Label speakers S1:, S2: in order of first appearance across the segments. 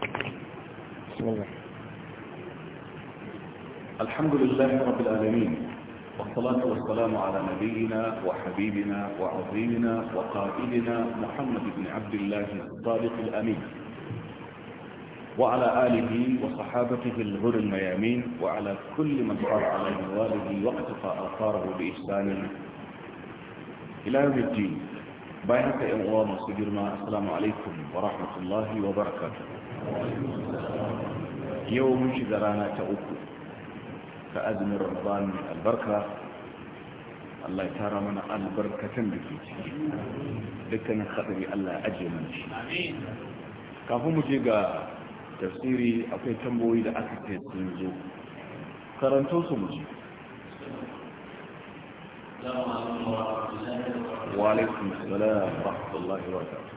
S1: بسم الله
S2: الحمد لله رب العالمين والصلاة والسلام على نبينا وحبيبنا وعظيمنا وقائدنا محمد بن عبد الله الصادق الأمين وعلى آله وصحابته الغر الميامين وعلى كل من صار على نواله واقتفى آثاره بإحسان إلى يوم الدين bayan haka yan uwa masu girma assalamu alaikum wa rahmatullahi wa barakatuh yau mun shiga rana ta uku ta azumin ramadan albarka Allah ya tara mana albarkatan da ke ciki dukkanin hadari Allah ya ajiye mana shi kafin mu je ga tafsiri akwai tambayoyi da aka kai sun zo karanto su mu je وعليكم السلام ورحمة الله وبركاته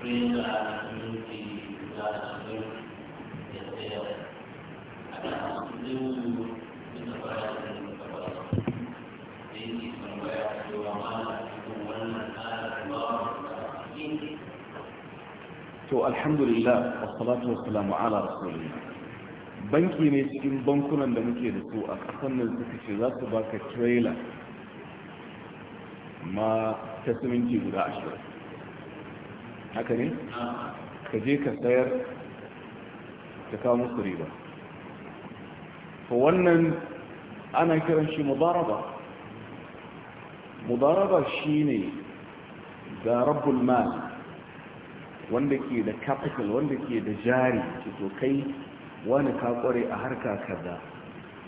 S1: Thank you.
S2: to alhamdulillah wassalatu wassalamu ala rasulillah banki ne cikin bankunan da muke da su a kasan nan suka ce za su baka trailer ma ta siminti guda ashirin haka ne ka je ka sayar ta kawo musu riba to wannan ana kiran shi Mubaraba mudaraba shine ga rabbul wanda ke da capital wanda ke da jari ce to kai wani ka kware a harka kaza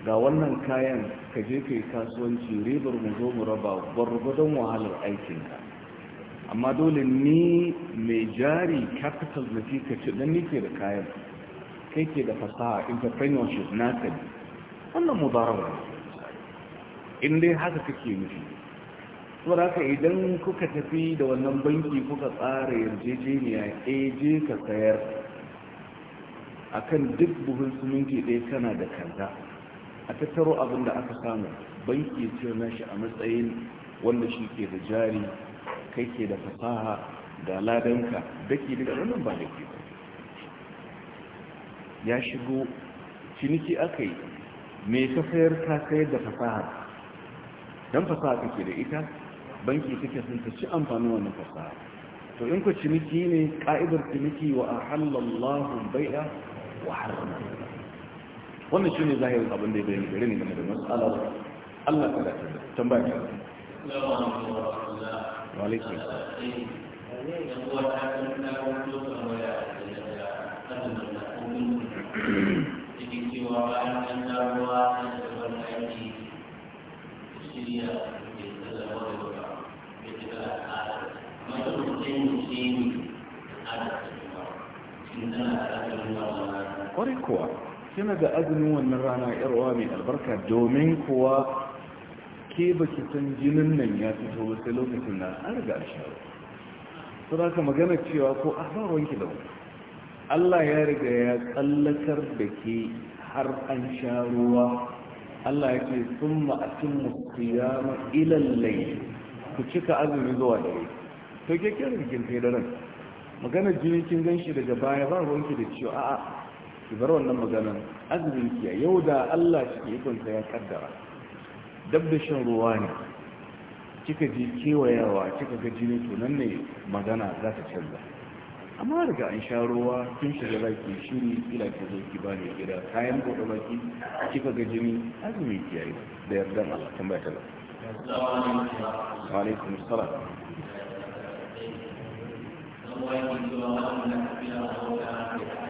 S2: ga wannan kayan ka je kai kasuwanci ribar mu zo mu raba gwargwadon wahalar aikinka amma dole ni mai jari capital na fi ka ce dan nike da kayan kai ke da fasaha entrepreneurship na ne wannan mudaraba in dai haka kake nufi saboda haka idan kuka tafi da wannan banki kuka tsara yarjejeniya a eh, je ka sayar a kan duk buhun suminti ɗaya kana da kaza a tattaro abin da aka samu banki ce na shi a matsayin wanda shi ke da jari kai ke da fasaha da ladanka daki daga wannan ba da ke ya shigo ciniki aka yi mai ka sayar ta sayar da fasaha don fasaha kake da ita banki take sun ta ci amfanin wannan fasaha to in ku ciniki ne ka'idar ciniki wa ahallallahu bai'a wa harama wannan shine zahirin abin da yake gare ni game da mas'ala Allah ka da
S1: tambaya wa alaikum Yeah.
S2: Kwarai kuwa kina da azumin wannan rana yarwa mai albarka domin kuwa ke baki san jinin nan ya fito ba sai lokacin na an riga a shi su za ka magana cewa ko a ah, ba wanki da allah ya riga ya tsallakar da ke har an sha ruwa allah ya ce sun ma'akin ya ilallai ku cika azumi zuwa dare to ke kiran kin kai magana jini kin gan shi daga baya ba wanki da cewa a'a ki bar wannan maganan azumin ki yau da Allah shi ikonsa ya kaddara dab da shan ruwa ne kika ji kewayawa kika ga jini to nan ne magana za ta canza amma daga an sha ruwa kin shiga baki shiri ila ki zo ki bani gida kayan gobe baki kika ga jini azumin ki yayi da yardan Allah ta
S1: wa alaikum Thank you.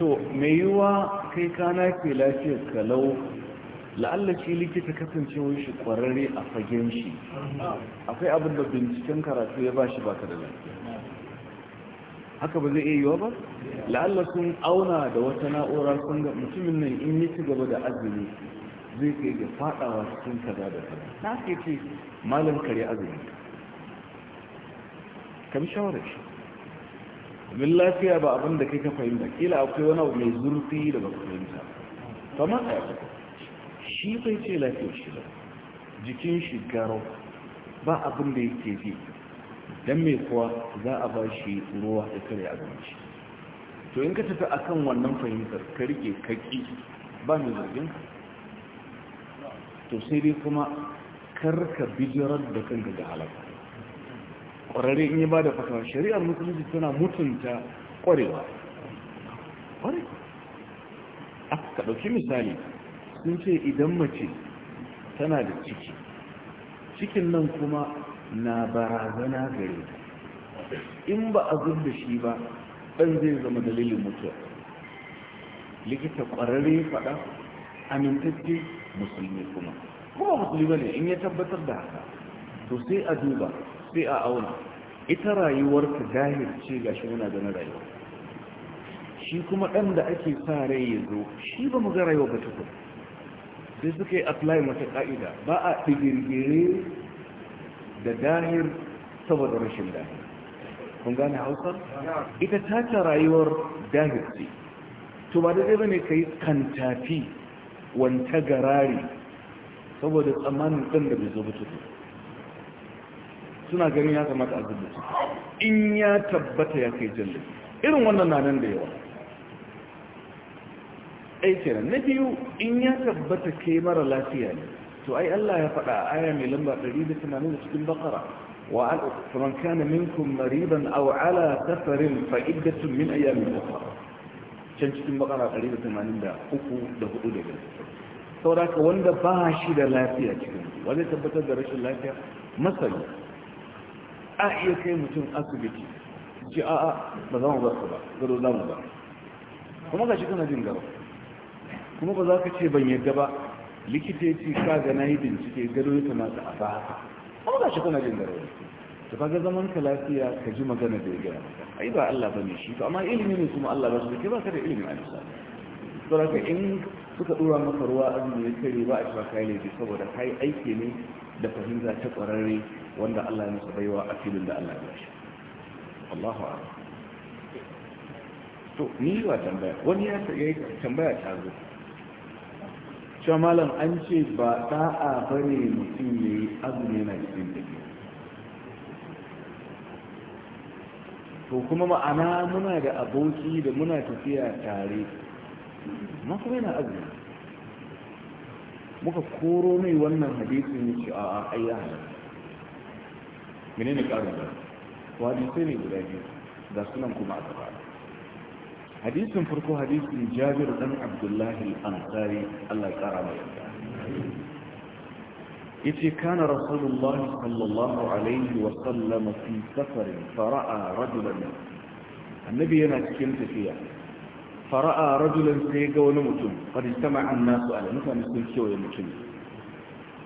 S2: to mai yiwa kai kana ke lafiyar kalau la'alla shi likita kasancewar shi kwararre a fagen shi akwai abin da binciken karatu ya ba shi baka da lafiya haka ba zai iya yiwa ba la'alla sun auna da wata na'ura sun ga mutumin nan in yi ci gaba da azumi zai kai ga fadawa cikin kaza da kaza na ke ce malam kare azumi kam shawarar shi domin lafiya ba abin da kai ka fahimta kila akwai wani abu mai zurfi da ba ka fahimta ba ma a yaba shi bai ce lafiyar shi ba jikin shi garo ba abin da yake ji don mai kuwa za a ba shi ruwa da kare a shi to in ka tafi akan wannan fahimtar ka rike kaki ba mai zargin ka to sai dai kuma karka bijirar da kanka ga halaka ƙwararri in yi ba da fatawa shari'ar musulunci tana mutunta ƙwarewa ƙware aka ɗauki misali sun ce idan mace tana da ciki cikin nan kuma na barazana gare in ba a zub shi ba ɗan zai zama dalilin mutuwa likita ƙwararre faɗa amintacce musulmi kuma kuma musulmi ne in ya tabbatar da haka to sai a duba sai a auna ita rayuwarka zahir ce ga shi muna na rayuwa shi kuma ɗan da ake sa rai ya zo shi ba mu ga rayuwa ba tukun sai suka yi apply mata ƙa'ida ba a ɗigirgire da dahir saboda rashin dahir kun gane hausar ita tace rayuwar dahir ce to ba zai ba ne ka yi kantafi wanta garari saboda tsammanin ɗan da bai zo ba tukun suna ganin ya kamata a zuba in ya tabbata ya kai jalle irin wannan na nan da yawa ai kenan na biyu in ya tabbata kai mara lafiya ne to ai Allah ya faɗa a aya mai lamba 180 cikin bakara wa an faman kana minkum mariban aw ala safarin fa iddatun min ayyamin ukhra can cikin bakara 183 da 4 da 4 da saboda ka wanda ba shi da lafiya cikin wanda tabbatar da rashin lafiya masani a iya kai mutum asibiti ce a'a ba za mu ka ba gado za mu ba kuma ga shi kana jin gaba kuma ba za ka ce ban yadda ba likita ya ce ka ga na yi bincike gado ya kamata a haka kuma ga shi kana jin gaba ta ga zaman ka lafiya ka ji magana da ya A ai ba Allah ba ne shi ba amma ilimi ne kuma Allah ba shi ke ba ka da ilimin a misali saboda ka in suka dora maka ruwa da ya kare ba a cewa kayan laifi saboda kai aiki ne da fahimta ta kwararre wanda Allah ya masa baiwa a filin da Allah ya shi Allahu akbar to ni ba tambaya wani ya yi tambaya ta zo cewa malam an ce ba da'a bane mutum ya yi azumi na cikin ke. to kuma ma'ana muna da aboki da muna tafiya tare ma kuma yana azumi muka koro mai wannan hadisin ya ce a'a ai menene karin da to hadisai ne guda biyu ga sunan kuma a gaba hadisin farko hadisin jabir dan abdullahi al-ansari Allah ya kara mai yarda yace kana rasulullahi sallallahu alaihi wa sallam fi safarin fara'a rajulan annabi yana cikin tafiya fara'a rajulan sai ga wani mutum qad istama'a an-nasu ala mutane sun kewaye mutum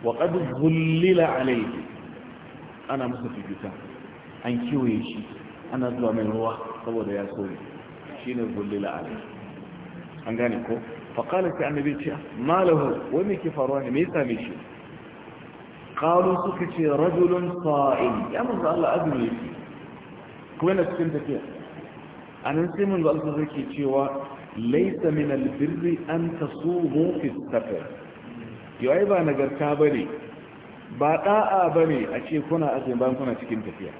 S2: wa qad zullila alaihi ana masa fifita an kiwaye shi ana zuwa mai ruwa saboda ya sori shi ne gullila alai an gane ko faƙalar ta annabi ce malahu wani ke faruwa ne mai same shi ƙalu suka ce rajulun sa'in ya manzo Allah azumi yake kuma yana cikin tafiya a nan sai manzo Allah zai ke cewa laisa min albirri an tasumu fi safar yau ai ba nagarta bane ba da'a bane a ce kuna azumi bayan kuna cikin tafiya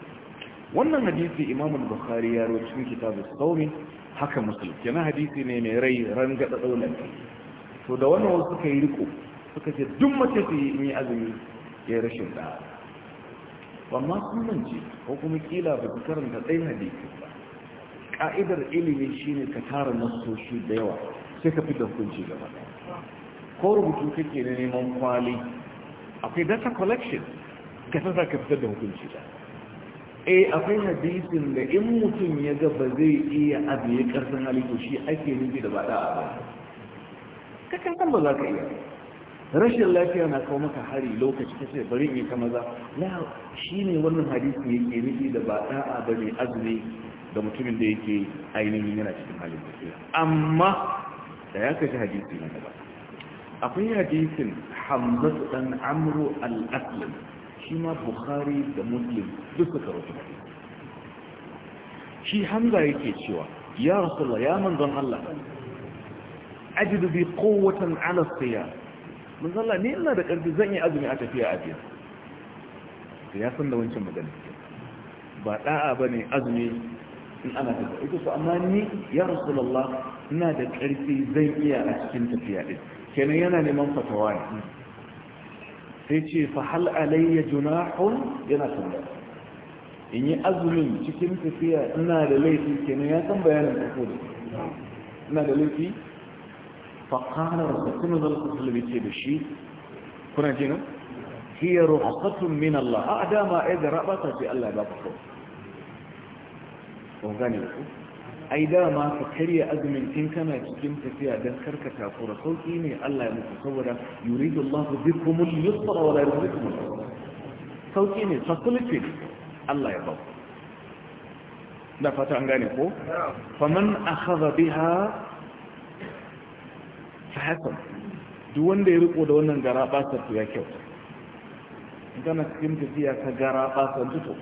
S2: wannan hadisi Imam bukhari ya rawaito cikin kitabu sawmi haka muslim kenan hadisi ne mai rai ran gada daulan to da wannan suka yi riko suka ce duk mace ta yi azumi ya rashin da'a amma sun mance ko kuma kila ba ku karanta ɗayan hadisi ba ka'idar ilimi shine ka tara nasoshi da yawa sai ka fi da hukunci gaba ko rubutu kake na neman kwali akwai data collection ka ta ka fitar da hukunci ta. eh akwai hadisin da in mutum ya ga ba zai iya abu ya karsan halittu shi ake nufi da ba a ba ka kan ba za ka iya rashin lafiya na kawo maka hari lokaci ta ce bari in ka maza shi ne wannan hadisin ke nufi da ba a ba azumi da mutumin da yake ainihin yana cikin halittu amma da ya kaji hadisi na gaba akwai hadisin hamzatu dan amru al-aslam shi ma bukhari da muslim duk suka rubuta shi hamza yake cewa ya rasulullah ya manzon Allah ajidu bi quwwatan ala siyam manzon Allah ne ina da karfi zan yi azumi a tafiya a Da ya san da wancan magana ba da'a bane azumi in ana tafiya ita su amma ni ya rasulullah ina da karfi zan iya a cikin tafiya din kenan yana neman fatawa ne sai ce fa hal alayya junahun yana tambaya in yi azumin cikin tafiya ina da laifi kenan ya san bayanin farko da ina da laifi fa qala rasulun zalqul bi ce da shi kuna ji nan hiya ruhsatun min Allah a dama ai da rabata ce Allah ya ba ko ko gane ku ai dama ka karya azumin in kana cikin tafiya don karka takura sauki ne Allah ya muku saboda yuridu Allah bikumul yusra wa la yuridu sauki ne facility Allah ya ba da fata an gane ko faman akhadha biha fa hasan duk wanda ya riko da wannan gara ba ta ya kyau kana cikin tafiya ka gara ba ta duto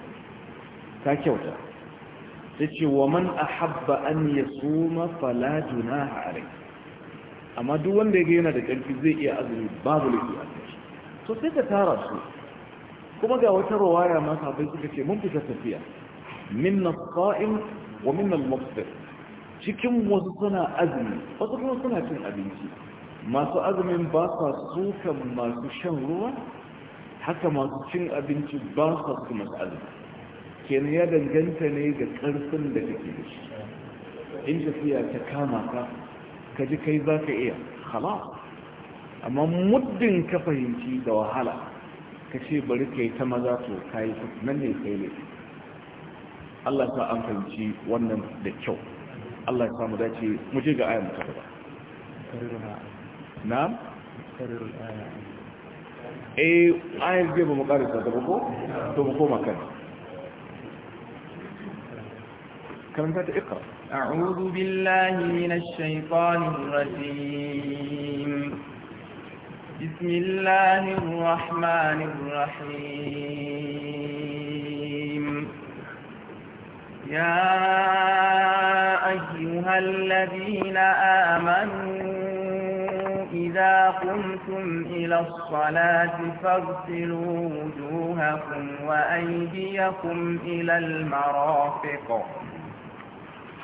S2: ka kyauta sai ce wa man ahabba an yasuma fala junaha rai? amma duk wanda ya ga yana da ƙarfi zai iya azumi babu laifi a cikin to sai ka tara su kuma ga wata rawaya ma sabai suka ce mun fita tafiya minna qa'im wa minna al-muftir cikin wasu suna azumi wasu kuma suna cin abinci masu azumin ba sa sukan masu shan ruwa haka masu cin abinci ba sa su masu azumi kenan ya danganta ne ga ƙarfin da kake da shi in tafiya ta kama ka ka ji kai za ka iya hala amma muddin ka fahimci da wahala ka ce bari kai ta maza to kayi nan ne kai ne Allah ta an fahimci wannan da kyau Allah ya samu dace mu je ga ayan Na? gaba na'am eh ayan ba mu karanta ba ko to mu koma kan كما انت اقرأ
S3: أعوذ بالله من الشيطان الرجيم بسم الله الرحمن الرحيم يا أيها الذين آمنوا إذا قمتم إلى الصلاة فاغسلوا وجوهكم وأيديكم إلى المرافق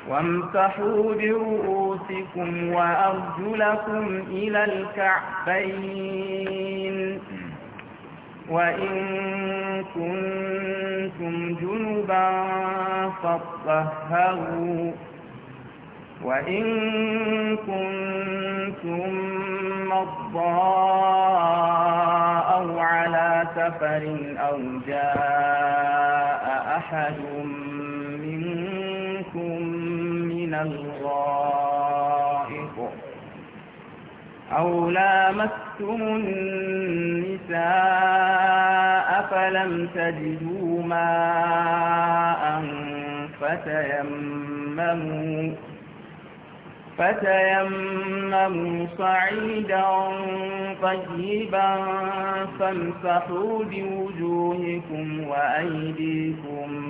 S3: وامسحوا برؤوسكم وأرجلكم إلى الكعبين وإن كنتم جنبا فاطهروا وإن كنتم مرضى أو على سفر أو جاء أحد أو لامستم النساء فلم تجدوا ماء فتيمموا فتيمموا صعيدا طيبا فامسحوا بوجوهكم وأيديكم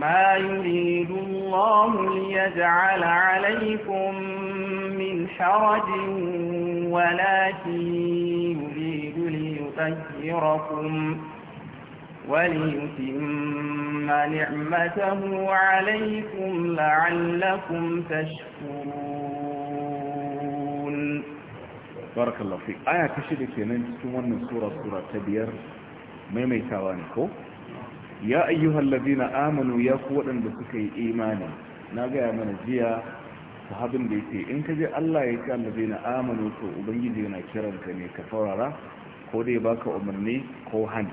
S3: ما يريد الله ليجعل عليكم من حرج ولكن يريد ليطهركم وليتم نعمته عليكم لعلكم تشكرون
S2: بارك الله فيك آية تشري كنان تكون من سورة سورة تبير ميميتاوانكو ya ayyuhal ladina amanu ya ku waɗanda suka yi imani na gaya mana jiya sahabin da yake in ka je Allah ya ce ladina amanu to ubangiji yana kiran ka ne ka farara ko dai baka umarni ko hani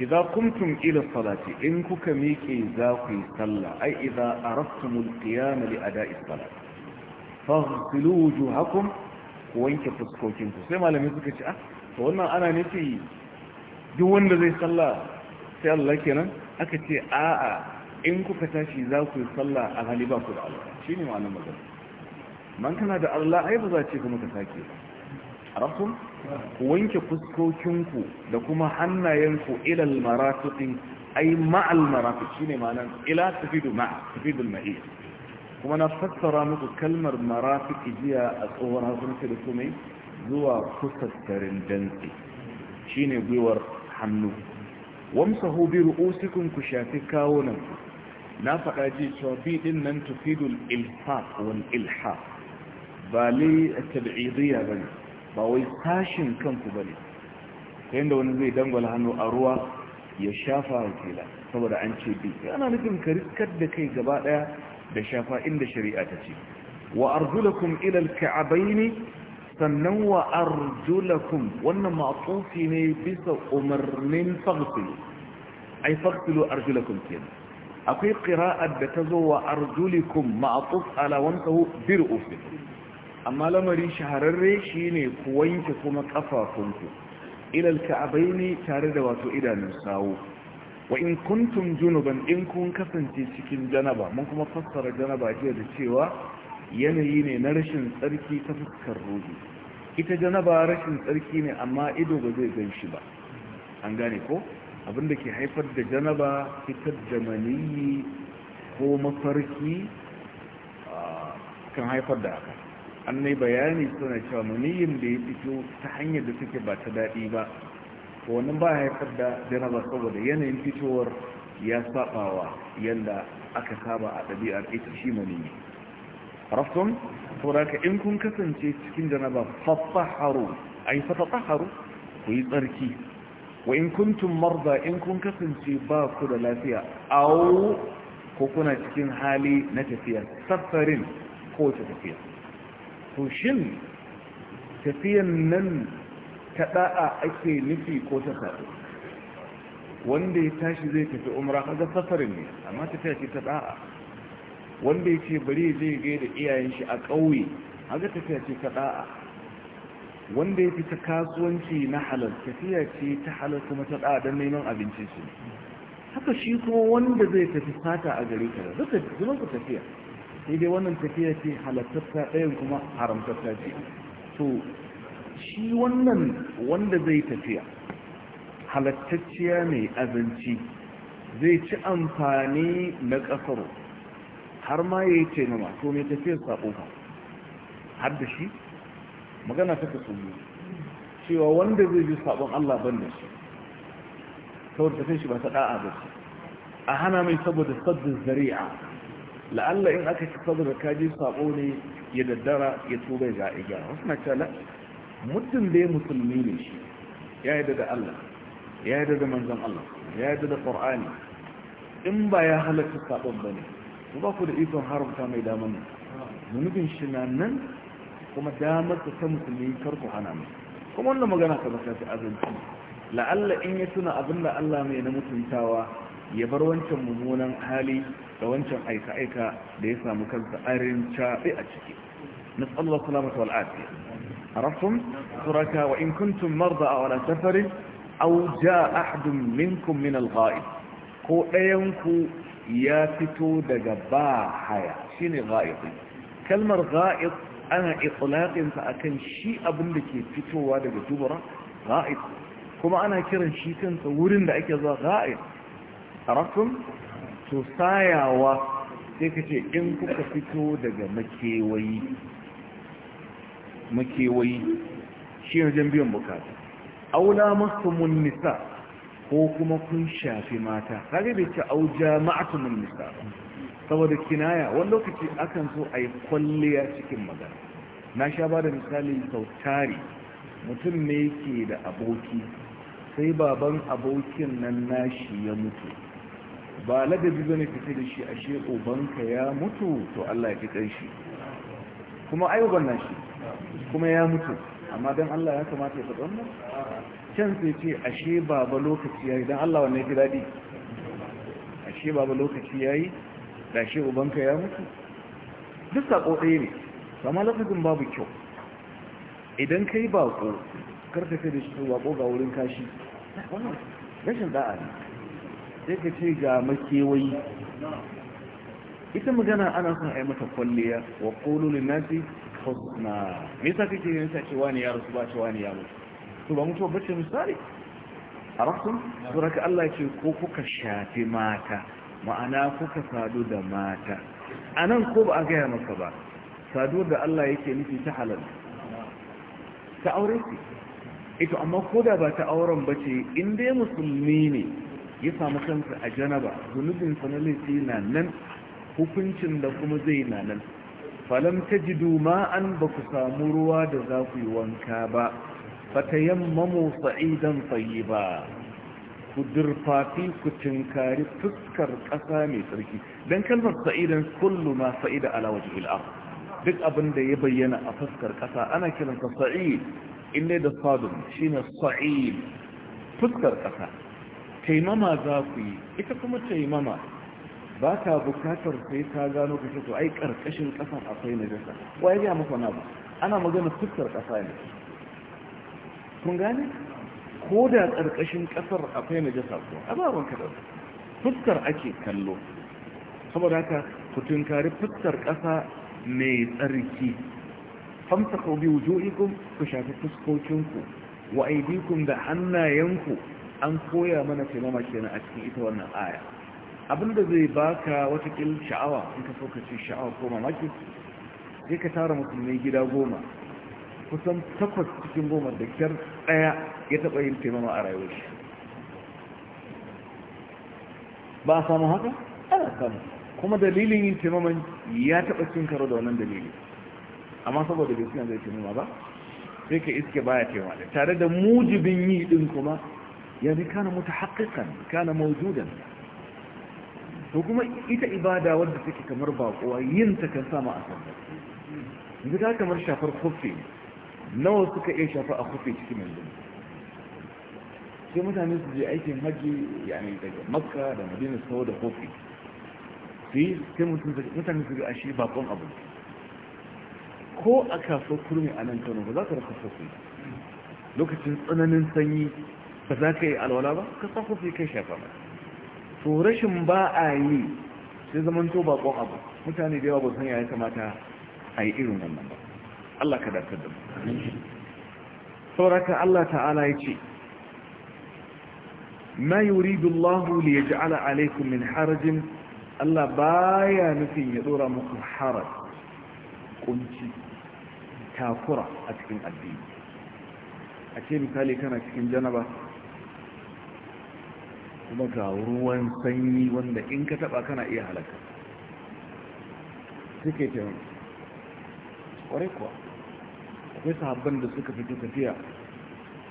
S2: idza qumtum ila salati in kuka miƙe za ku yi sallah ai idza araftum alqiyam li ada'i salat faghsilu wujuhakum ku wanke fuskokin sai malamai suka ce ah to wannan ana nufi duk wanda zai sallah sai Allah kenan aka ce a'a in kuka tashi za ku yi sallah alhali ba ku da Allah Shi ne ma'anar magana man kana da Allah ai ba za ce kuma ka sake ba arabtum ku wanke fuskokinku da kuma hannayenku ilal almarafiqi ai ma'al ma almarafiq shine ma'anar ila tafidu ma tafidu alma'i kuma na fassara muku kalmar marafiqi jiya a tsohon hausa da kuma zuwa kusa dantse. dantsi shine gwiwar hannu wamsahu bi ru'usikum ku shafi kawunan na faɗa ji cewa bi din nan tufidul ilha wani ilha ba li tab'idiyya bane ba wai tashin kanku bane ta yadda wani zai dangwala hannu a ruwa ya shafa wakila saboda an ce bi ana nufin ka riskar da kai gaba daya da shafa inda shari'a ta ce wa arzulakum ilal ka'abaini sannan wa arjulakum wannan ma'tufi ne bisa umarnin faghsilu ay faghsilu arjulakum kenan akwai qira'at da zo wa arjulikum ma'tuf ala bir ufi amma lamari shahararre shine ku wanke kuma kafafunku abai ne tare da wato idanun sawu wa in kuntum junuban in kun kasance cikin janaba mun kuma fassara janaba jiya da cewa yanayi ne na rashin tsarki ta fuskar ruhi ita janaba rashin tsarki ne amma ido ba zai gan shi ba an gane ko abinda ke haifar da janaba fitar da maniyi ko mafarki kan haifar da haka an mai bayani suna cewa maniyin da ya fito ta hanyar da suke ba ta daɗi ba wani ba haifar da janaba saboda yanayin fitowar ya saɓawa yadda aka saba a ɗabi'ar ita shi maniyi عرفتم فراك إن كن كسن شيء تكين جنبا فطهروا أي فتطهروا ويطركي وإن كنتم مرضى إن كن كسن شيء باكد لا فيها أو كنا تكين حالي نتفيا سفر ko tafiya to shin tafiyan nan ta da'a ake nufi ko ta sa'a wanda ya tashi zai tafi umra kaga safarin ne amma tafiya ce ta da'a wanda ya ce bari zai gai da iyayen shi a ƙauye haka tafiya ce ta ɗa'a wanda ya ta kasuwanci na halal tafiya ce ta halal kuma ta ɗa'a don neman abinci su
S1: haka shi kuma
S2: wanda zai tafi fata a gari ka zaka zaman ku tafiya sai dai wannan tafiya ce ta ɗayan kuma ta ce to shi wannan wanda zai tafiya halartacciya mai azanci zai ci amfani na ƙasar har ma ya yi ce nama to ta tafiyar saƙo ba har da shi magana ta ka tsoro cewa wanda zai ji saƙon Allah ban da shi saboda tafiyar shi ba ta ɗa'a ba shi a hana mai saboda saddin zari'a la'alla in aka ci saboda kaji saƙo ne ya daddara ya tuba ga igiya wasu na cala mutum da ya musulmi ne shi ya yi daga Allah ya yi daga manzan Allah ya yi daga ƙor'ani in ba ya halatta saƙon ba ne ku ba ku da ikon haramta mai damar mu zunubin shi na nan kuma damar ta ta musulmi karku ku hana kuma wannan magana ka baka ta azanci la'alla in ya tuna abin da Allah mai na mutuntawa ya bar wancan mummunan hali da wancan aika-aika da ya samu kansa arin caɓe a ciki نسأل الله السلامة والعافية عرفتم تركا وإن كنتم مرضى أو على سفر أو جاء أحد منكم من الغائب ko ɗayanku ya fito daga ba haya shine gha'iqi kalmar ana itlaqin a akan shi abin da ke fitowa daga dubura gha'iq kuma ana kiran shi kansa wurin da ake zuwa gha'iq arafum to sayawa sai kace in kuka fito daga makewayi makewayi shi ne biyan bukata aula mastumun nisa ko kuma kun shafi mata kaga bai ci au jama'atun min nisa saboda kinaya wani lokaci akan so a yi kwalliya cikin magana na sha ba da misali sautari mutum ne ke da aboki sai baban abokin nan nashi ya mutu ba ladabi ne fita da shi ashe ubanka ya mutu to Allah ya fi shi kuma ayuban nashi kuma ya mutu amma don Allah ya kamata ya faɗi wannan can sai ce ashe babu lokaci yayi dan Allah wannan yake dadi ashe babu lokaci yayi da ashe ubanka ya mutu duk sako ɗaya ne amma lafazin babu kyau idan kai bako karka kai da shi bako ga wurin kashi wannan rashin da'a ne sai ka ce ga makewayi ita magana ana son a yi mata kwalliya wa ƙololin nasi husna me yasa kake yin sa cewa ne ya rasu ba cewa ne ya mutu to ba mutuwa bace misali arabtum ka Allah ce ko kuka shafi mata ma'ana kuka sadu da mata anan ko ba a gaya maka ba sadu da Allah yake nufi ta halal ta aure ce ito amma ko da ba ta auren bace in dai musulmi ne ya samu kansa a janaba zunubin sanalisi na nan hukuncin da kuma zai na nan falam tajidu ma'an ba ku samu ruwa da za ku yi wanka ba fatayammamu sa'idan tayyiba ku durfafi ku tinkari fuskar ƙasa mai tsarki don kalmar sa'idan kullu ma sa'ida ala wajhil ard duk abin da ya bayyana a fuskar ƙasa ana kiransa sa'id inda da sadun shine sa'id fuskar ƙasa taimama za ku yi ita kuma taimama ba ta bukatar sai ta gano ka ce, to ai ƙarƙashin ƙasan akwai na najasa wa ya ga maka na ana magana fuskar ƙasa ne kun gane ko da ƙarƙashin ƙasar akwai A ko wanka kaɗan fuskar ake kallo saboda haka ku tunkari fuskar ƙasa mai tsarki famsa ko biyu jo'ikun ku shafi fuskokinku wa da hannayenku an koya mana taimama kenan a cikin ita wannan aya abinda zai baka watakil sha'awa in ka so ka ce sha'awa ko mamaki sai ka tara musulmai gida goma kusan takwas cikin goma da kyar daya ya taba yin taimama a rayuwar shi ba a samu haka ana samu kuma dalilin yin taimaman ya taba cin karo da wannan dalili amma saboda bai suna zai taimama ba sai ka iske baya taimama da tare da mujibin yi din kuma ya zai kana mutu haƙiƙan kana maujudan to kuma ita ibada wadda take kamar baƙuwa yin ta kan sama a sanda yanzu ta kamar shafar kofi nawa suka iya shafa a kufe cikin yanzu sai mutane su je aikin hajji yani daga makka da madina sau da kofi su sai mutane su ga ashe bakon abu ko a kaso kurmi a nan kano ba za ka rasa kofi lokacin tsananin sanyi ba za ka yi alwala ba ka sa kofi kai shafa ba to rashin ba a yi sai zamanto bakon abu mutane da yawa ba san yaya kamata a yi irin wannan ba Allah ka da mu sauraka Allah ta'ala ya ce ma yuridu Allah li alaikum alaykum min harajin Allah baya nufin ya dora muku haraj kunci takura a cikin addini a ce misali kana cikin janaba kuma ga ruwan sanyi wanda in ka taba kana iya halaka suke taimakon kwarai kuwa akwai sahabban da suka fito tafiya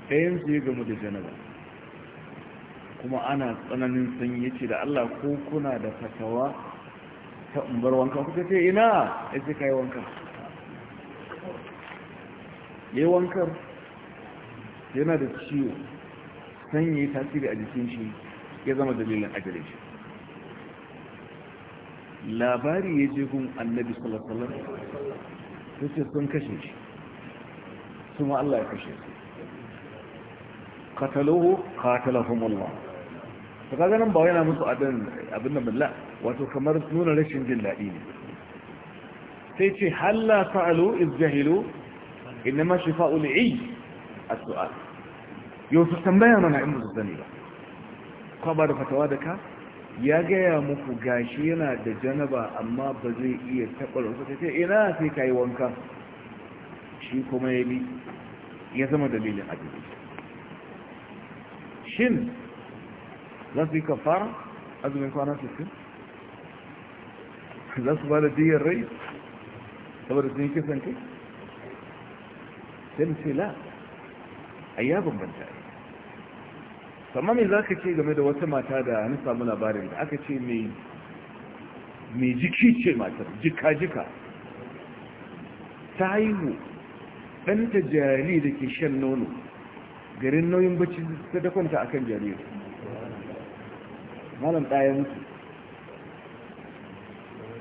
S2: ɗayan su ya gamu da janaba kuma ana tsananin sanyi ce da Allah ko kuna da fatawa ta umbar wanka kuka ce ina ya ce ka yi wanka ya yi wankar yana da ciwo sanyi tasiri a jikin shi ya zama dalilin ajiyar shi labari ya je gun annabi sallallahu alaihi wasallam sun kashe shi su ma Allah ya kashe su qataluhu qatalahumullah to kaga nan ba yana musu abin da billah wato kamar nuna rashin jin daɗi ne sai ce halla fa'alu iz jahilu innama shifa'u li'i as-su'al yau tambaya mana in musu sani ba ka ba da fatawa da ka ya gaya muku gashi yana da janaba amma ba zai iya taɓa rusa ta ce ina sai ka yi wanka shi kuma ya bi ya zama dalilin azumi shin za su yi kafara azumin kwana 60 za su ba da diyar rai saboda sun yi kisan kai sai mace la a yi ya bambanta sama mai za ka ce game da wata mata da hannu samu labarin da aka ce mai jiki ce matar jika-jika ta haihu ɗanta jari da ke shan nono garin nauyin bacci ta da kwanta akan jariri malam ɗaya mutu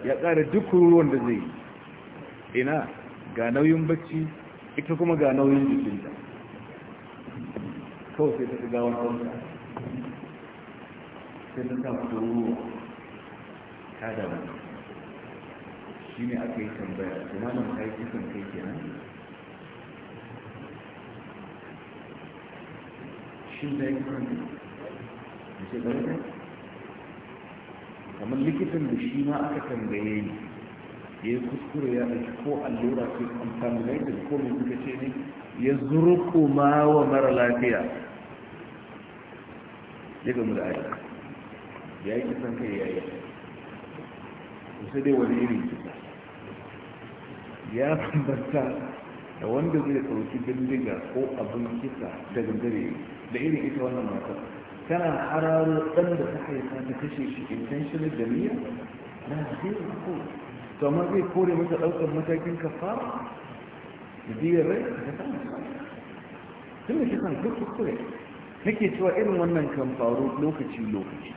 S2: ya tsara duk ruwan da zai ina ga nauyin bacci ita kuma ga nauyin ta kawai sai ta fi gawar kwanta sai ta samu fito ruwa ta da wani shi ne aka yi tambaya kuma nan ta yi
S1: kisan kai kenan shi ya karanta da ce ɗaya
S2: kamar likitan da shi ma aka tambaye ni ya yi kuskure ya ɗauki ko allura ce contaminated ko mai suka ce ne ya zurku ma wa mara lafiya ya gamu da aiki ya yi kisan kai ya yi sai dai wani irin kisa ya bambanta da wanda zai ɗauki bindiga ko abin kisa daga da gangare da irin ita wannan matar kana hararo ɗan da ta haifa ta kashe shi intentional da niyya na zai ko to amma zai kore mata ɗaukar matakin kafara da biyar rai a ta samu tun da kisan duk kuskure nake cewa irin wannan kan faru lokaci lokaci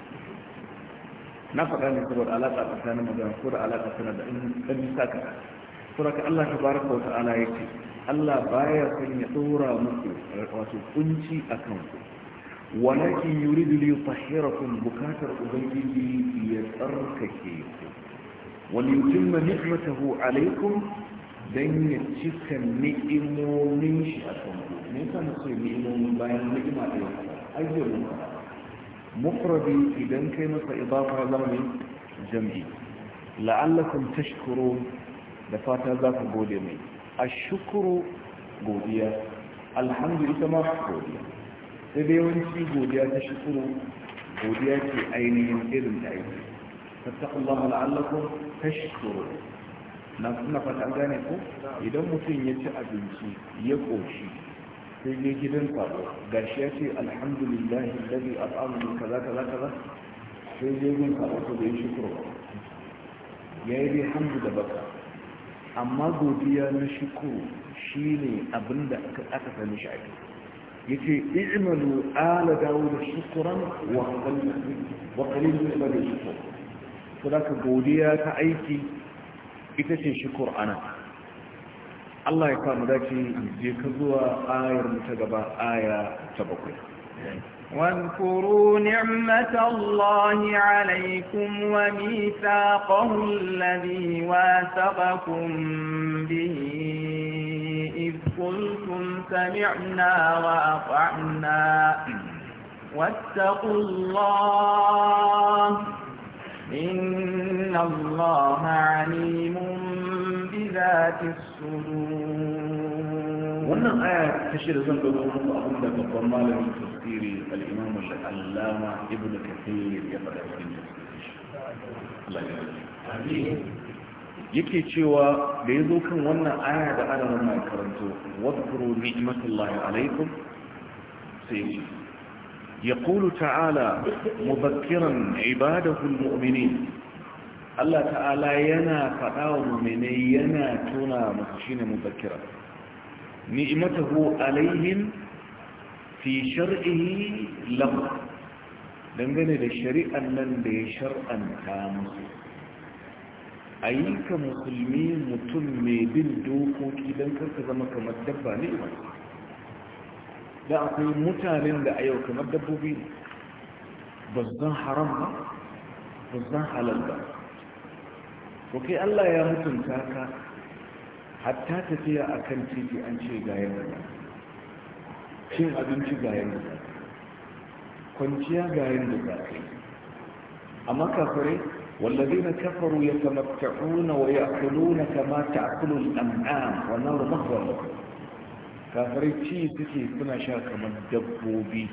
S2: na faɗa ne saboda alaƙa tsakanin magana ko da alaƙa tana da ɗan bisa ka saboda Allah ta baraka wa ta'ala yake Allah baya son ya tsora muku wato kunci a kanku walakin yuridu li yutahhirakum bukatar ubangiji ya tsarkake ku wal yutimma ni'matahu alaikum dan ya cika ni'imomin shi a kanku me yasa na ce ni'imomin bayan ni'ima da ya ayyuka mufradi idan kai masa idafa zama ne jam'i la'allakum tashkurun da fata za ku gode mai A shukuru godiya alhamdu ita ma godiya sai dai yawanci godiya ta shukuru godiya ce ainihin irin da aiki fattakullahu ta shukuru. na suna fata gane ko idan mutum ya ci abinci ya ƙoshi, sai ne gidan sabo gashi ya ce alhamdulillahi alladhi at'amani kaza kaza kaza sai ne gidan sabo to bai shukuru Ya yi dai hamdu da baka amma godiya na shukuru shi ne abinda aka sami shi ake ya ce ijimalu ala dawo da shukuran wakalin zuwa da shukur su da ka godiya ta aiki ita ce shukur ana Allah ya kama dace je ka zuwa ayar ta gaba aya ta
S3: bakwai واذكروا نعمة الله عليكم وميثاقه الذي واثقكم به إذ قلتم سمعنا وأطعنا واتقوا الله إن الله عليم بذات الصدور wannan
S2: aya ta shida zan ɗago muku abin da babban malamin tafsiri al-imam al-allama ibn kathir ya faɗa ya rahmata cewa da ya zo kan wannan aya da ana wannan karanto wadkuru ni'matullahi alaikum sai ce yaqulu ta'ala mubakkiran ibadahu almu'minin Allah ta'ala yana faɗawa wa mu'minai yana tona musu shine mubakkiran نئمته عليهم في شرعه لما دنگنه ده شريعا من ده شرعا كامس ايك مسلمي متنمي بالدوكو كيبن كرتزمك مدبا نئما دا اقول متالين ده ايوك مدبو بيه بزدان حرام ها بزدان حلال ده وكي الله يا متن تاكا hatta tafiya a kan titi an ce ga yadda cin abinci ga yadda kwanciya ga yadda za ka yi amma kafirai والذين كفروا يتمتعون ويأكلون كما تأكل kulun والنار wannan لهم kafare ci suke suna sha kamar dabbobi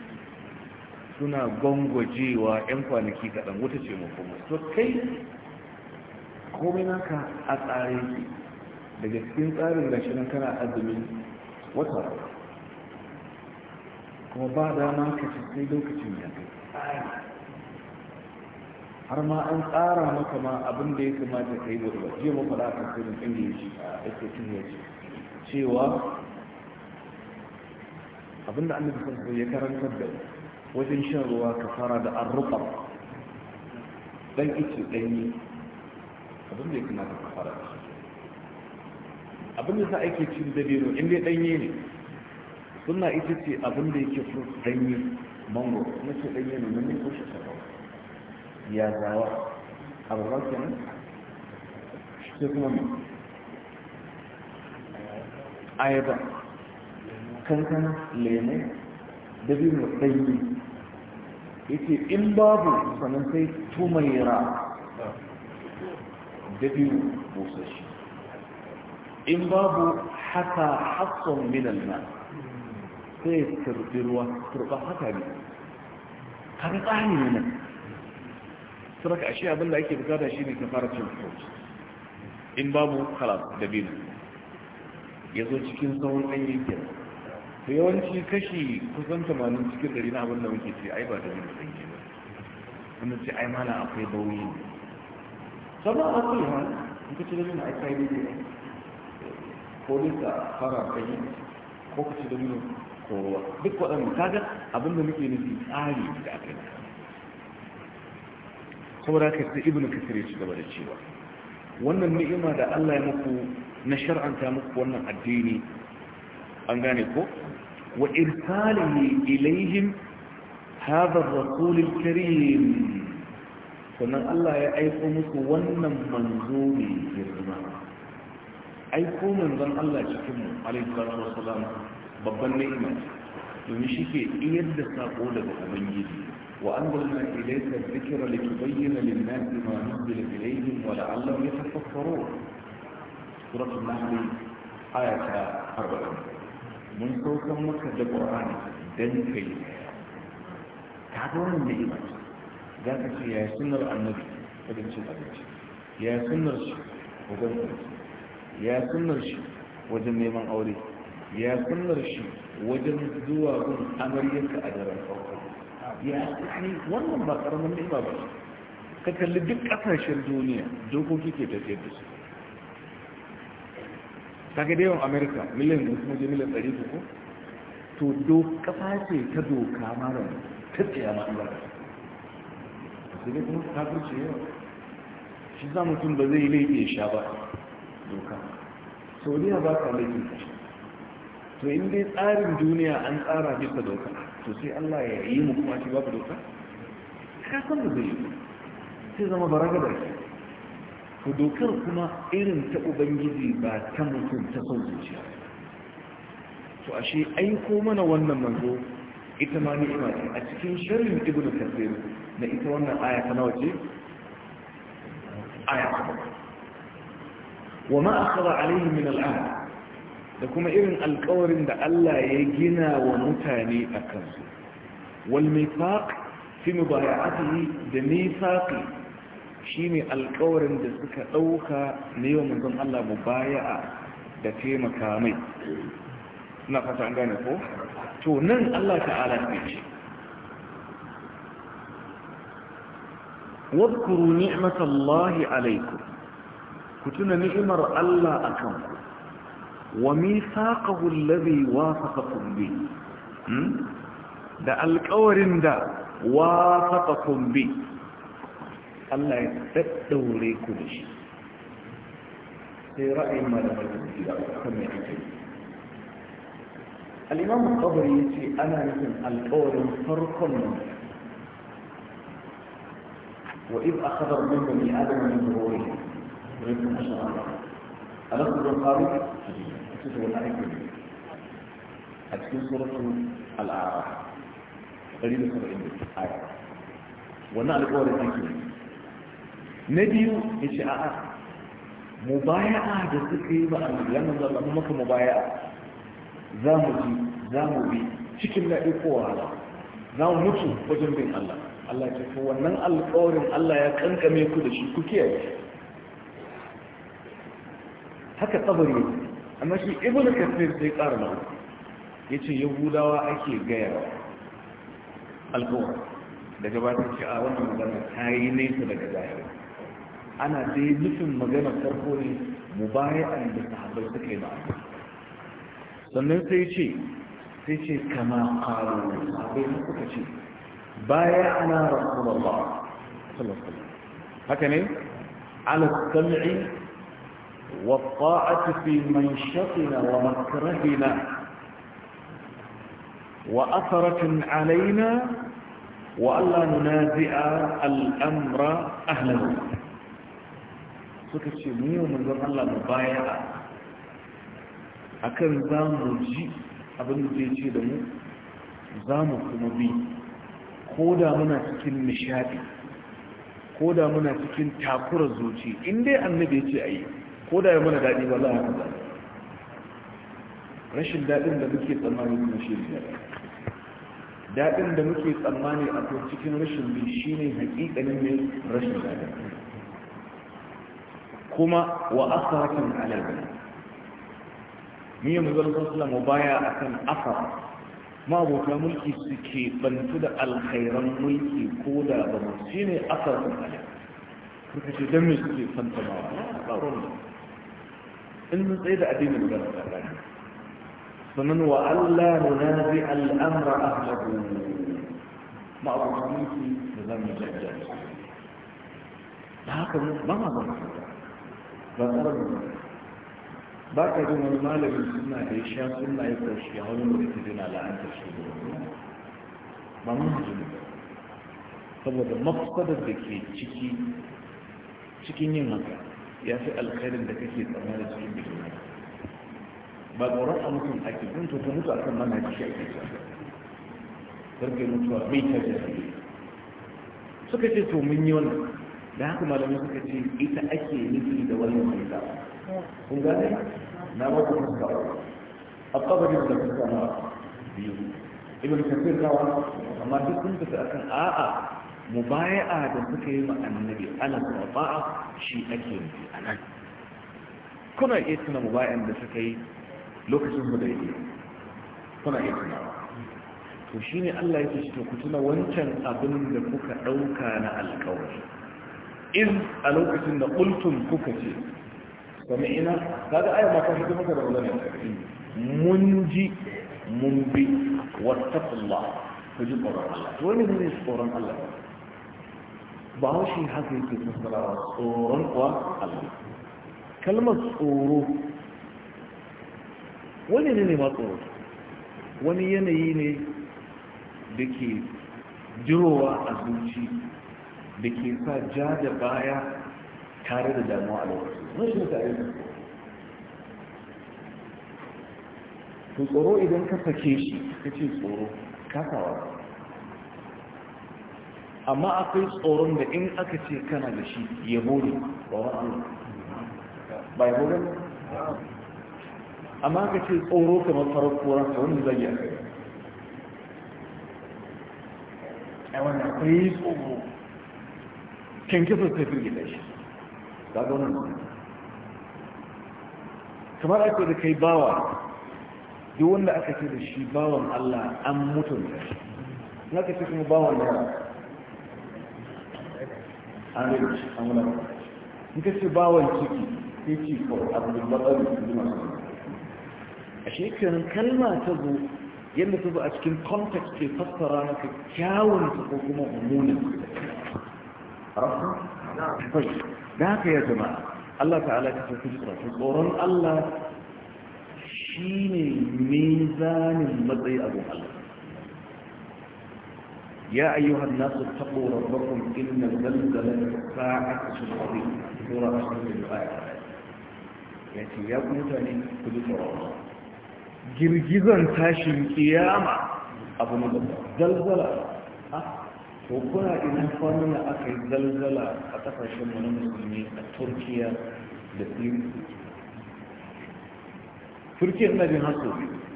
S2: suna gwangwajewa 'yan kwanaki kaɗan wuta ce mafi masu kai komai naka a tsare daga cikin tsarin gashi nan kana azumin wata kuma ba dama ka ci sai lokacin ya kai har ma an tsara maka ma abin da ya kamata ka yi da jiya mafa da aka kirin ingilishi a ake tunyaci cewa abin da annabi sarki ya karanta da wajen shan ruwa ka fara da arruɓar dan ice ɗanyi abin da ya kamata ka fara da shi abin da sa ake cin dabino in dai danye ne suna ita ce abin da yake so danye mango na ce danye ne mun ko shi sabo ya zawa abu ba kenan shi kuma me ayaba
S1: kankana lemu
S2: dabino danye yake in babu sanin sai tumaira dabino busashi in babu haka hatsun minan na sai turbi ruwa turba haka ne Ka haka tsari ne nan suraka ashe abin da ake bukata shi ne ka fara cin fruit in babu halal da biyu ya zo cikin tsawon ɗan yankin da yawanci kashi kusan tamanin cikin ɗari na abin da muke ce ai ba da biyu ɗan ke ba wanda ce ai mana akwai bauyi sama a kuma in ka ce da biyu na aikai ne ko nisa fara kai, ko ka ci dabino ko ruwa duk waɗannan kaga abinda muke nufi tsari da aka yi saboda ka sai ibnu kasir ya ci gaba da cewa wannan ni'ima da Allah ya muku na shar'anta muku wannan addini an gane ko wa irsalihi ilaihim hadha ar-rasul al-karim sannan Allah ya aika muku wannan manzo ne girma ai ko الله Allah cikin mu alaihi salatu wassalam babban ni'ima domin shi ke iyar da sako daga ubangiji إليك الذكر لتبين للناس ما نزل إليهم ولعلهم يتفكرون سورة النحل آية 40 من سوك مكة القرآن دن كي تعبون النعمة ذاك يا سنر النبي فدن شيء يا سنر وقدم ya sunnar shi wajen neman aure ya sunnar shi wajen zuwa gun amaryarka a daren farko ya tsani wannan ba karamin ni'ima ba ka kalli duk kasashen duniya dokoki ke tafiyar da su kaga da yawan amerika miliyan da kuma je miliyan ɗari ko to do kafa ce ta doka mara ta tsaya ma Allah sai dai kuma kafirce yawa shi za mutum ba zai laifi ya sha ba doka sauriya ba ka laifin kashe to in dai tsarin duniya an tsara bisa doka to sai allah ya yi mu kuma shi babu doka ka san da zai yi sai zama bara da ke to dokar kuma irin ta ubangiji ba ta mutum ta son zuciya to ashe aiko mana wannan manzo ita ma ni ce a cikin shirin ibnu kasir na ita wannan aya ta nawa ce aya ta wa ma akhara alaihim min al'am da kuma irin alƙawarin da Allah ya gina wa mutane a kansu wal mithaq fi mubayatihi da mithaqi shine alƙawarin da suka dauka ne wa manzon Allah mubaya'a da taimaka mai ina fata an gane ko to nan Allah ta'ala ne ce wadkuru ni'matallahi alaikum ku tuna ni'imar Allah a kanku wa mithaqahu alladhi wafaqakum bi da alƙawarin da wafaqakum bi Allah ya daddaure ku da shi sai ra'ayin malamai da su da kan mai ake al-imam qabri yace ana nufin alƙawarin farkon wa idh akhadha rabbuka min adama min dhurrihi ya kuma sha'awa a nan kuma faru a cikin wani aiki a cikin suratun al'ara ɗari da saba'in da aya wannan alƙawarin aiki ne na biyu ya ce a'a mubaya'a da suka yi ba a za mu za mu bi cikin wahala za mu mutu wajen bin Allah Allah ce ko wannan alƙawarin Allah ya kankame ku da shi ku kiyaye haka tsabari amma shi ibn kafir sai ƙara nan ya ce yahudawa ake gaya wa da daga ba ta ce a wannan magana ta yi nesa daga zahiri ana dai nufin magana farko ne mu baya da sahabbai suka yi ma'a sannan sai ce sai ce kama ƙaru sahabbai suka ce baya ana rasulullah sallallahu alaihi haka ne ala sam'i والطاعة في منشطنا ومكرهنا وأثرة علينا وأن لا ننازع الأمر أهلنا suka ce mu yi wa manzan Allah da baya a kan za mu ji abinda zai ce da mu za mu kuma bi ko da muna cikin nishadi ko da muna cikin takura in dai annabi ce a yi ko da ya mana daɗi ba za a kaza rashin daɗin da muke tsammani kuma shi ne daɗin da muke tsammani a cikin rashin bi shi ne haƙiƙanin ne rashin daɗin kuma wa asaratin alaƙa ni yanzu zan san sulamu baya akan ma abokan mulki suke bantu da alkhairan mulki ko da ba mu shi ne asarar alai kuka ce don me suke fanta ba ba in mun tsaye da addinin magana ta kai sannan wa
S1: Allah munazi al'amra ahlahu
S2: ma abubuwanki da zan yi jajja da haka ba ma zama ba tsara ba ka jin wani malamin suna da ya sha suna ya ƙarshe a wani mutum yana la'antar shi ba mun hajji saboda mafsadar da ke ciki cikin yin haka ya fi alkhairin da kake tsammanin cikin bikin ba tsoron a mutum ake kun to ta mutu a kan mana shi ake ta sarki mutuwa bai ta jari suka ce to mun yi wannan da haka malamai suka ce ita ake nufi da wannan mai ta kun gane na ba ku fuska a kabarin da kuka na biyu ibn kafir kawa amma duk sun fita akan a'a mubaya'a da suka yi ma annabi ala saba'a shi ake yi a nan kuna iya tuna mubaya'an da suka yi lokacin da hudaybiya kuna iya tunawa to shine Allah yake shi to ku tuna wancan abin da kuka ɗauka na alƙawari in a lokacin da qultum kuka ce sami'ina ga aya ma kan hikima da wannan mun ji mun bi wattaqullah ku ji tsoron Allah Wani ne ne tsoron Allah ba shi haka yake fassara tsoron kuwa Allah kalmar tsoro wani ne ne ma tsoro wani yanayi ne da ke jirowa a zuci da ke sa ja da baya tare da damuwa a lokacin rashin tare da tsoro idan ka sake shi ka ce tsoro kasawa amma akwai tsoron da in aka ce kana da shi ya ba wa Allah ba ya bori? amma aka ce tsoro kamar farar koran ta wani zagi a kai
S1: a wani akwai tsoro
S2: kan kifin sai firge da shi ga wani kamar aka da kai bawa duk wanda aka ce da shi bawan Allah an da shi na ka ce kuma bawan Allah amir amina in ka ce bawan ciki sai ci ko oh, abdul matsari da masu a shekarun kalma ta zo yadda ta zo a cikin context ke fassara maka kyawun ta ko kuma mummunan rafa kai da haka ya jama'a Allah ta'ala ka ce kuji tsoron Allah shi shine mizanin matsayi abin Allah يا أيها الناس اتقوا ربكم إن زلزلة الساعة شيء عظيم سورة أحمد الآية يأتي يا متاني كل سورة girgizan tashin kiyama abu na gaba zalzala to kuna ina kwanan aka yi zalzala a kasashen wani musulmi a turkiya da turkiya na bin hasu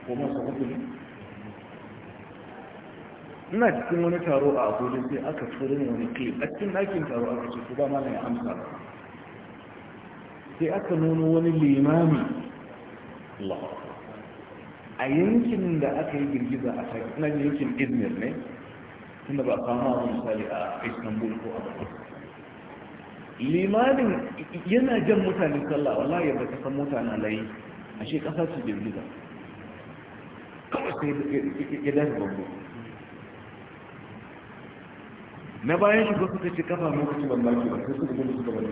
S2: ko masu hukumi ina cikin wani taro a abuja sai aka ne wani kai a cikin ɗakin taro a cikin su ba malam ya amsa sai aka nuna wani limami a yankin da aka yi girgiza a shaƙi ina yankin izmir ne tunda ba a kama abu misali a istanbul ko a bakwai limamin yana jan mutane sallah wallahi yadda ka san mutane layi ashe ƙasa su girgiza kawai sai ya dace babu. na bayan shi ko suka ce kafa mu kuma ban baki ba kuka kuma gudu suka bari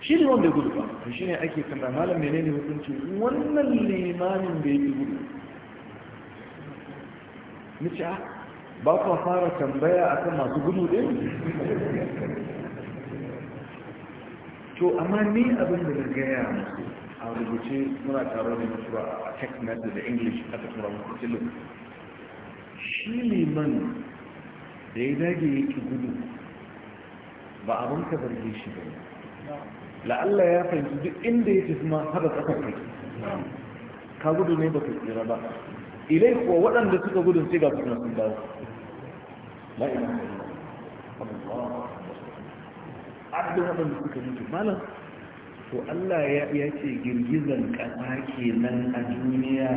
S2: shi ne wanda gudu ba to ne ake kanta malam menene hukunci wannan limanin da yake gudu nace a ah, ba ku fara tambaya akan masu gudu din to amma ni abin da na gaya musu a rubuce muna taro da mutuwa a text message da english aka tura musu shi liman da ya dage ya ki gudu ba a ka zarge shi ba la'alla ya fahimci duk inda ya tafi ma haɗa tsakar kai ka gudu ne ba ka tsira ba ilai kuwa waɗanda suka gudun sai ga suna sun dawo abin waɗanda suka mutu malam to Allah ya ce girgizan ƙasa kenan a duniya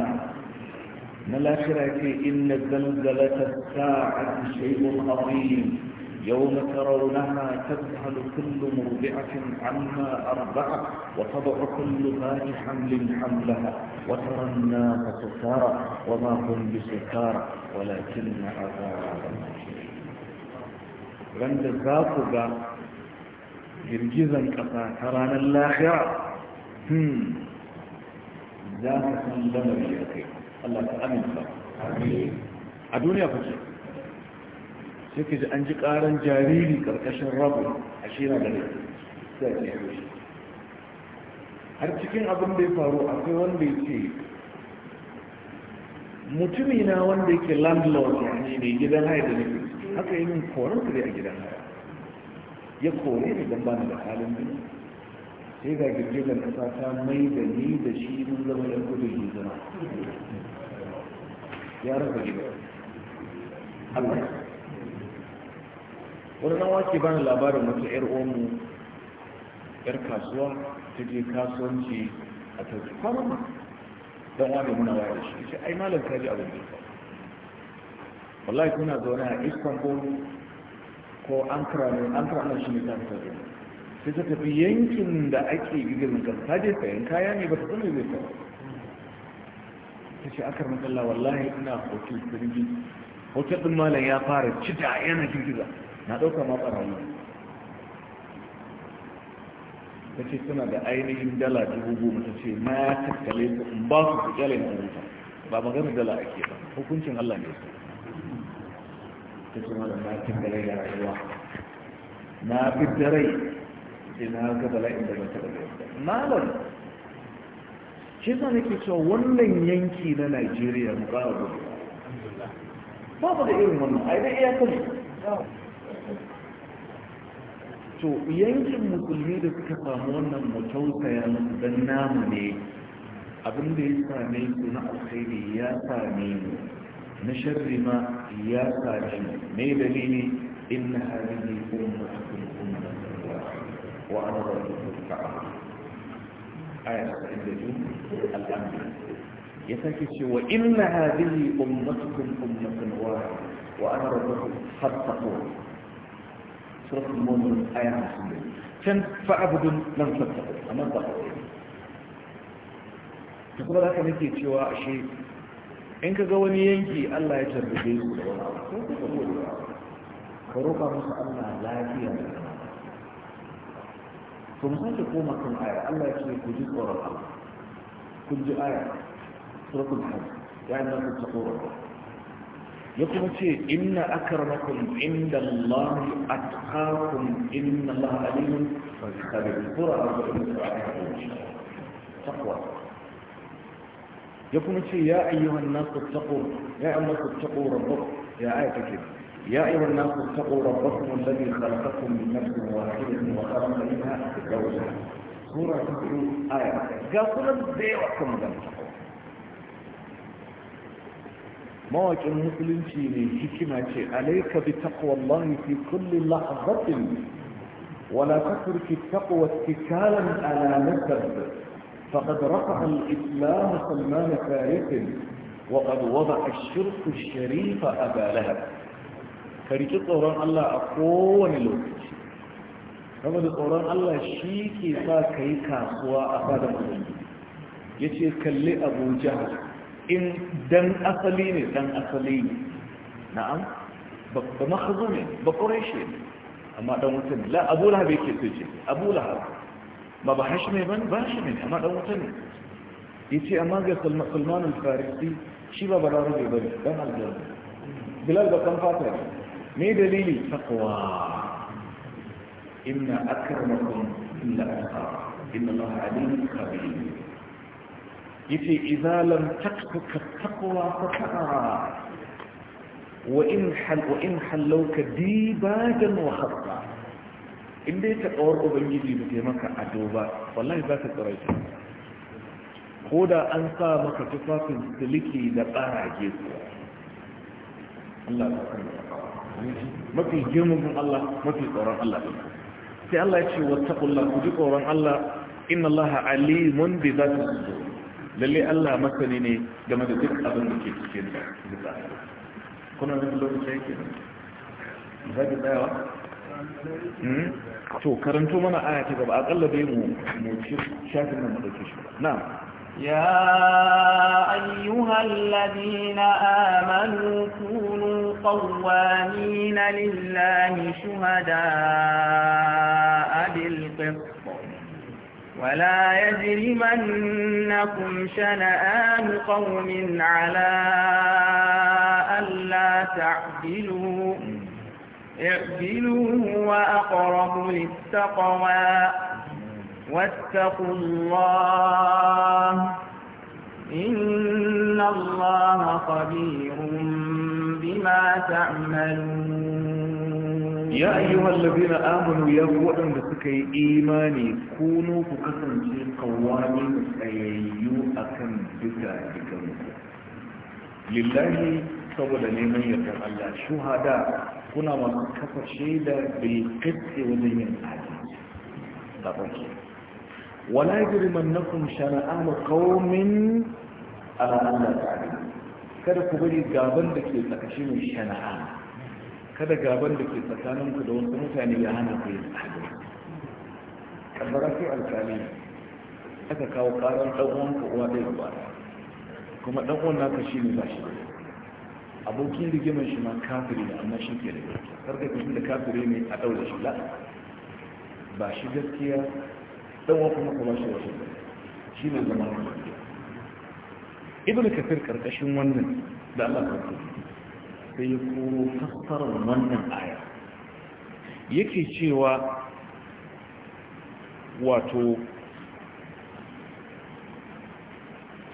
S2: ملاكراكي إن الزلزلة الساعة شيء عظيم يوم ترونها تذهل كل مربعة عنها أربعة وتضع كل ذات حمل حملها وترى الناس سكارة وما هم بسكارة
S1: ولكن عذاب الله
S2: عند الزاقب جرجزا قطع ترانا الآخرة ذاك اللمبي أخيكم Allah ta aminta a duniya ku ce sai ka ji an ji karan jariri karkashin rabu a shirin da rai sai a ce har cikin abin da ya faru akwai wanda ya ce mutumi na wanda yake landlord ne mai gidan haya da nufi haka yi min koren kare a gidan haya ya kore ne don bani da halin biyu sai ga girgizar kasa ta mai da ni da shi mun zama yan gudun
S1: zama
S2: ya rasa gida Allah wani nan wake bani labarin wata yar omu yar kasuwa ta je kasuwanci a turki kwanan ma don wani muna waya da shi ce ai malam ka ji abin da ya wallahi kuna zaune a istanbul ko ankara ne ankara nan shi ne ta fita sai ta tafi yankin da ake gigirin kan ta je sayan kaya ne ba ta zama zai sayan ta ce akar tsalla wallahi ina hotel birni hotel ɗin malam ya fara cita yana girgiza na ɗauka ma wani. ta ce suna da ainihin dala dubu goma ta ce na tattale su in ba su kuɗi na rubuta ba magana dala ake ba hukuncin allah ne
S1: su ta ce malam na tattale da rayuwa na
S2: fi da rai Ina ga bala'in da ba ta da malam shi za nake cewa wannan yanki na najeriya mu ƙara gudu babu da irin wannan a idan iyakar to yankin musulmi da suka samu wannan mutautaya don namu ne abin da ya same su na alkhairi ya same ni na sharri ma ya same ni me dalili inna hadhihi ummatukum
S1: ummatan wa ana rabbukum fa'budu aya 72 al-anbiya
S2: cewa inna hadhihi ummatukum ummatan wahida wa ana rabbukum fattaqun suratul mu'min aya 52 can fa'budun lam tattaqun amma taqwa ta kuma haka nake cewa shi? in ka ga wani yanki Allah ya
S1: tarbe su da wani abu ko ka roƙa musu Allah lafiya da to mu sake koma kan aya Allah ya ce ku ji tsoron Allah
S2: ku ji aya suratul hajj ya yi nasu ta tsoron ya kuma ce inna akramakum inda Allah atqakum inna Allah alimun khabir sura arba'in taqwa ya kuma ce ya ayyuhan nasu taqu ya ayyuhan nasu taqu rabbakum ya ayata kenan يا أيها الناس اتقوا ربكم الذي خلقكم من نفس واحدة وخلق منها زوجها سورة تقول آية قصرا ديوكم ذنبكم
S3: مواجه المسلم
S2: في حكمة عليك بتقوى الله في كل لحظة ولا تترك التقوى اتكالا على نسب فقد رفع الإسلام سلمان فارس وقد وضع الشرك الشريف أبا لهب ka tsoron Allah a kowane lokaci saboda tsoron Allah shi ke sa ka yi kasuwa a fadar mutum ya ce kalli abuja in dan asali ne dan asali ne na'am ba makazo ne ba ƙorashi ne amma dan wuta ne la abu lahab yake so ce abu lahab ba ba hashi mai ban ba shi ne amma dan wuta ne ya ce amma ga salman al-farisi shi ba ba rarrabe ba ne dan aljanna bilal ba kan fata ne me dalili taqwa inna akramakum illa atqakum inna allaha alimun khabir yace idza lam taqtuka taqwa faqara wa in hal wa in halawka dibadan wa khatta in dai ta kawar ubangiji ba ta maka a ba wallahi za ta tsare ta ko da an sa maka tufafin siliki da ƙarage kuwa
S1: Allah ya kalla
S2: mafi girman Allah mafi tsoron Allah sai Allah ya ce wattaqullah ku ji tsoron Allah inna Allah alimun bi zati sudur lalle Allah masani ne game da duk abin da
S1: ke cikin zuciya
S2: kuna da lokaci yake za ki tsayawa hmm? to karanto mana aya ta gaba akalla dai mu mu ci shafin nan mu dauke shi na'am
S3: يا أيها الذين آمنوا كونوا قوامين لله شهداء بالقصة ولا يجرمنكم شنآن قوم على ألا تعدلوا اعدلوا وأقربوا للتقوى واتقوا الله إن الله خبير بما تعملون يا أيها الذين
S2: آمنوا يا وأن بسكي إيماني كونوا فكسن في قوامين أيو أكن بسا لله saboda neman yardar Allah shuhada kuna masu kafa shaida bil qist wajen
S1: yin adalci
S2: wala yajrimannakum shana'an qaumin ala an ta'lamu kada ku bari gaban da ke tsakashin shana'a, kada gaban da ke tsakaninku da wasu mutane ya hana ku yin tsari kabbara sai alkali aka kawo karan dan uwanka uwa ɗaya ba kuma dan uwan naka shine ba shi abokin rigimar shi ma kafiri ne amma shi ke da karka kashin da kafiri ne a ɗaure shi la ba shi gaskiya dan wani kuma kuma shi wasu shi ne zama lafiya ibn kafir karkashin wannan da Allah ka sai ya koro fassarar wannan aya yake cewa wato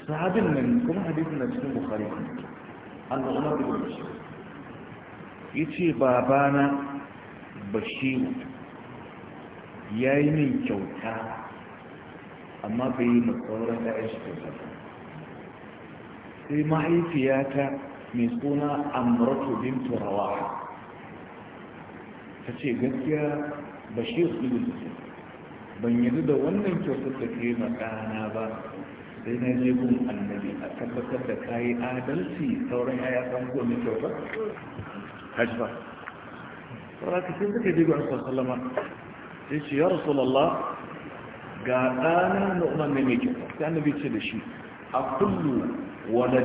S2: sahabin nan kuma hadisin na cikin bukhari an da umar ibn Ya ce babana bashi ya yi min kyauta amma bai yi sauran da shi kyauta sai mahaifiyata mai suna amratu bintu rawaha ta ce gaskiya bashir ibn ban yanzu da wannan kyautar da ke makana ba sai na je gun annabi a tabbatar da kayi adalci sauran yaya san ko ne kyautar hajfa saboda ka sun suka je gun sallama sai ce ya rasulullah ga ɗana na umar ne mai kyau sai annabi ce da shi a kullu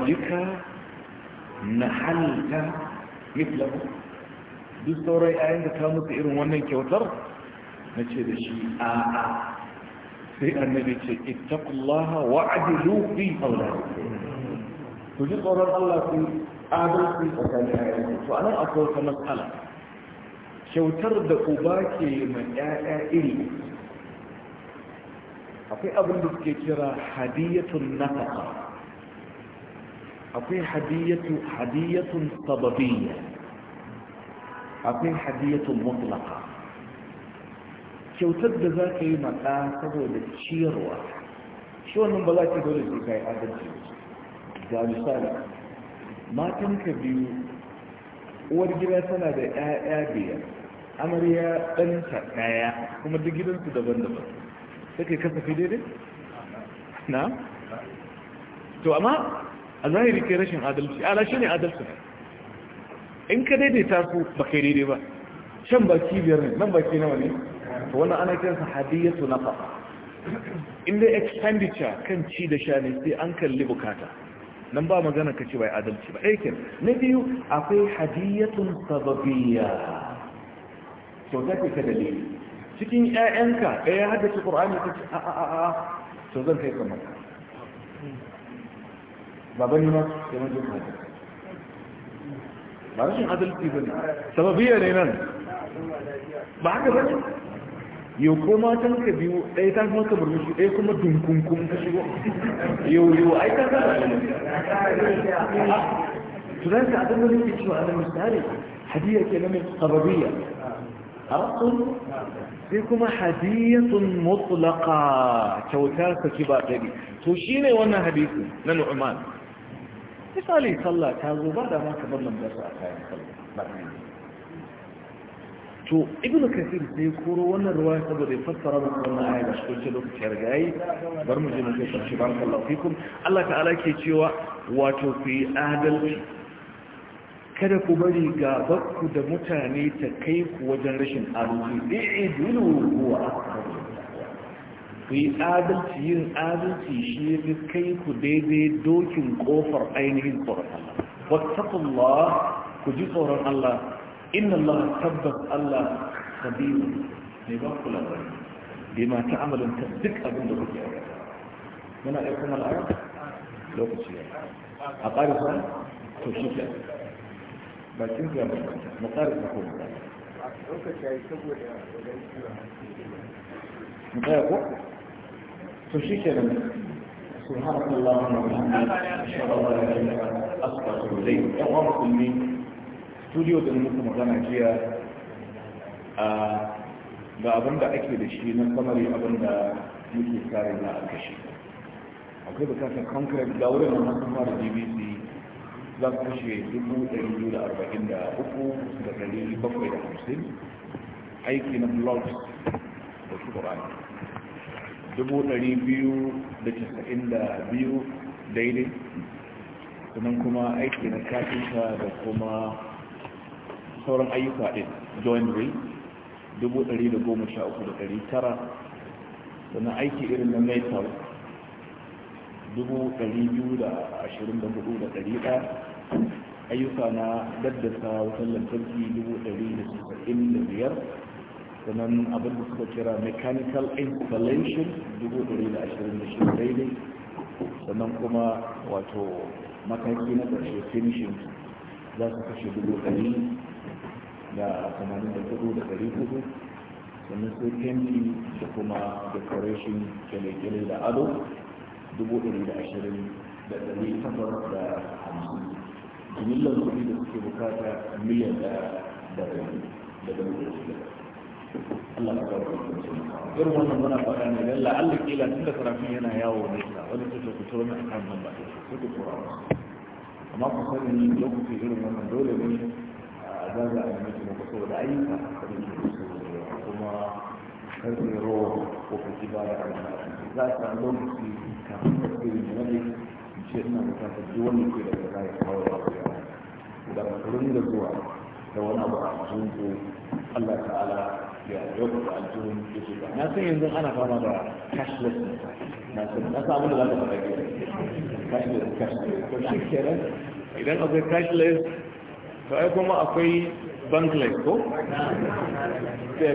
S2: jika na halta mitlaku duk sauran yayin da ta mutu irin wannan kyautar na ce da shi
S1: a a
S2: sai annabi ce ittaqullaha wa adilu fi awladikum ku ji tsoron Allah ku adalci tsakanin ayyanku to anan akwai wata matsala kyautar da uba ke ma ƴaƴa iri akwai abin da suke kira hadiyatun nafaka akwai hadiyatu hadiyatun sababiyya akwai hadiyatun mutlaka kyautar da za ka yi maka saboda ciyarwa shi wannan ba za ka dole ka kai adalci ga misali matanka biyu uwar gida tana da 'ya'ya biyar amarya ɗanta ɗaya kuma duk gidansu daban-daban sai kai kasafi daidai na to amma a zahiri kai rashin adalci ala shi ne adalci in ka daidaita su ba kai daidai ba shan baki biyar ne nan baki nawa ne to wannan ana kiransa hadiyatu nafa in dai expenditure kan ci da sha ne sai an kalli bukata nan ba magana ka ce bai adalci ba aikin na biyu akwai hadiyatun sababiyya so ta ka dalili cikin ƴaƴanka ɗaya haddace ƙur'ani ta ce a a a to zan kai kuma baban baba ni ma sai mun jin haddace ba rashin adalci bane sababiyya ne nan ba haka ba yo kuma tan ka biyu dai ta kuma ka murmushi ɗaya kuma dunkunkun ka shigo yo yo ai ka ka tunan ka abin da nake
S1: cewa ana misali
S2: hadiya ke nan mai sababiyya
S1: a rasu
S2: sai kuma hadiyatun mutlaqa kyauta saki ba dare to shine wannan hadisi na Nu'man misali sallah ta zo ba da ma ka bar lambar a
S1: kayan sallah ba
S2: to ibnu kasir sai koro wannan ruwa saboda ya fassara muku wannan aya da cikin lokaci ya riga yi bar mu je mu kai shi barakallahu fikum Allah ta'ala ke cewa wato fi adalci kada ku bari gabarku da mutane ta kai ku wajen rashin adalci i'dilu huwa akbar ku yi adalci yin adalci shi ne kai ku daidai dokin kofar ainihin tsoron Allah ku ji tsoron Allah inna Allah tabbas Allah sabiru ne ba ku labari bima ta'amalun ta duk abin da kuke aikata muna aikata al'arab lokaci ya a ƙarisa to shi ke ba su ya bambanta mukarar ta kuma ba mutaya ko to shi ke nan سبحانك اللهم وبحمدك اشهد ان لا اله da muku magana jiya a ga abin da ake da shi na samari abin da muke kare na a kashe akwai bukatar concrete da wurin da fara dbc za ku kashe dubu ɗari biyu da arba'in da uku da ɗari bakwai da hamsin aiki na blog da shukurani dubu ɗari biyu da casa'in da biyu daidai sannan kuma aiki na kafinta da kuma sauran ayyuka ɗin joinery dubu ɗari da goma sha uku da ɗari tara sannan aiki irin na metal 224,100 ayyuka na daddasa wutan lantarki 1,095 sannan abin da suka kira mechanical installation 1,026 daidai sannan kuma wato mataki na ƙarshe finishin za su kashe 1,000 da 84,400 sannan sai candy da kuma decoration kyale-kyale da ado dubu ɗari da ashirin da ɗari takwas da hamsin jimillar kuɗi da suke bukata miliyan da da ɗari da ɗari da shida Allah ka kawo irin wannan muna faɗa ne lalla Allah kila tun da sarafin yana yawo nesa wani ce ku turo mai akan nan ba sai ku tura wasu amma ku sani lokaci irin wannan dole ne a zaga a yanzu kuma ku saboda ayyuka da ne kuma karfe rowa ko ku ci baya a wannan za a samu lokaci kafin ka ce ne ne ce ina ke da ya da da zuwa da wani abu a Allah ta'ala ya yau da aljihun ce ba na san yanzu ana fama da cashless na san na da za ka faɗa cashless cashless to shi idan akwai cashless to ai kuma akwai bankless ko sai